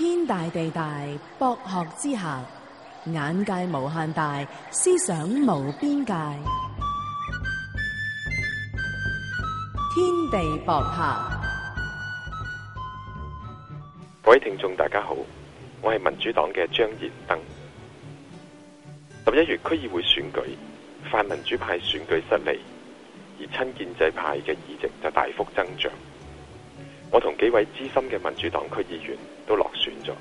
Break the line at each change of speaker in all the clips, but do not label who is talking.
天大地大，博學之下眼界無限大，思想無邊界。天地博客，各位聽眾大家好，我係民主黨嘅張賢登。十一月區議會選舉，泛民主派選舉失利，而親建制派嘅議席就大幅增長。我同幾位資深嘅民主黨區議員都落選咗，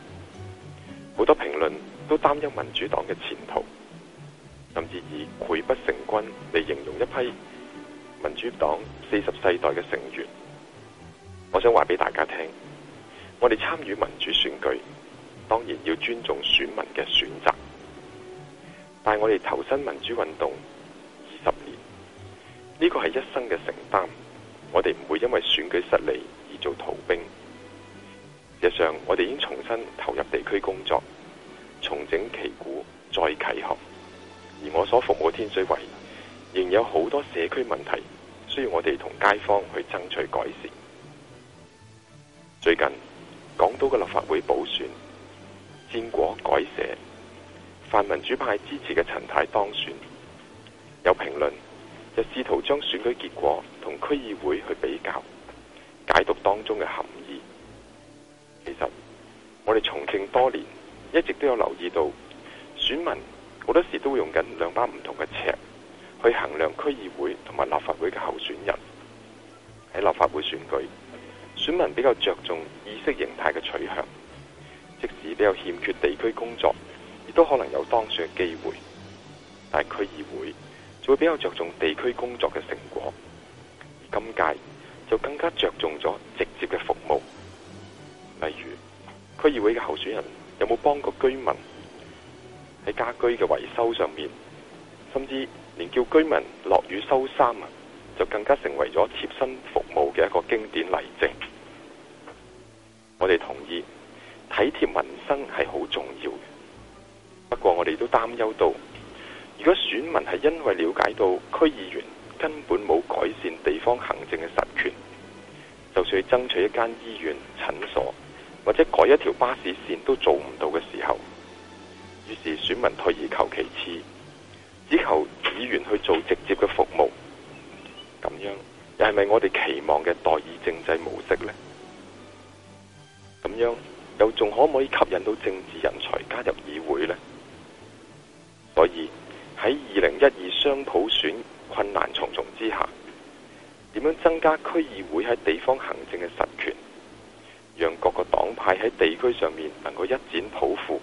好多評論都擔憂民主黨嘅前途，甚至以潰不成軍嚟形容一批民主黨四十世代嘅成員。我想話俾大家聽，我哋參與民主選舉，當然要尊重選民嘅選擇，但我哋投身民主運動二十年，呢個係一生嘅承擔，我哋唔會因為選舉失利。做逃兵，日常我哋已經重新投入地區工作，重整旗鼓再啟航。而我所服務嘅天水圍，仍有好多社區問題需要我哋同街坊去爭取改善。最近港島嘅立法會補選，戰果改寫，泛民主派支持嘅陳太當選，有評論就試圖將選舉結果同區議會去比較。解讀當中嘅含義，其實我哋重慶多年一直都有留意到，選民好多時都會用緊兩把唔同嘅尺去衡量區議會同埋立法會嘅候選人。喺立法會選舉，選民比較着重意識形態嘅取向，即使比較欠缺地區工作，亦都可能有當選嘅機會。但係區議會就會比較着重地區工作嘅成果。而今屆。就更加着重咗直接嘅服務，例如區議會嘅候選人有冇幫過居民喺家居嘅維修上面，甚至連叫居民落雨收衫啊，就更加成為咗貼身服務嘅一個經典例證。我哋同意體貼民生係好重要嘅，不過我哋都擔憂到，如果選民係因為了解到區議員。根本冇改善地方行政嘅實權，就算爭取一間醫院、診所或者改一條巴士線都做唔到嘅時候，於是選民退而求其次，只求議員去做直接嘅服務。咁樣又係咪我哋期望嘅代議政制模式咧？咁樣又仲可唔可以吸引到政治人才加入議會咧？所以喺二零一二雙普選。困難重重之下，點樣增加區議會喺地方行政嘅實權，讓各個黨派喺地區上面能夠一展抱負？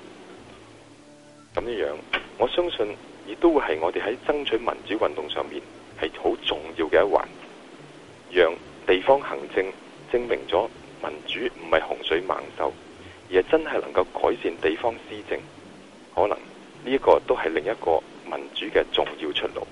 咁呢樣，我相信亦都會係我哋喺爭取民主運動上面係好重要嘅一環，讓地方行政證明咗民主唔係洪水猛獸，而係真係能夠改善地方施政。可能呢一個都係另一個民主嘅重要出路。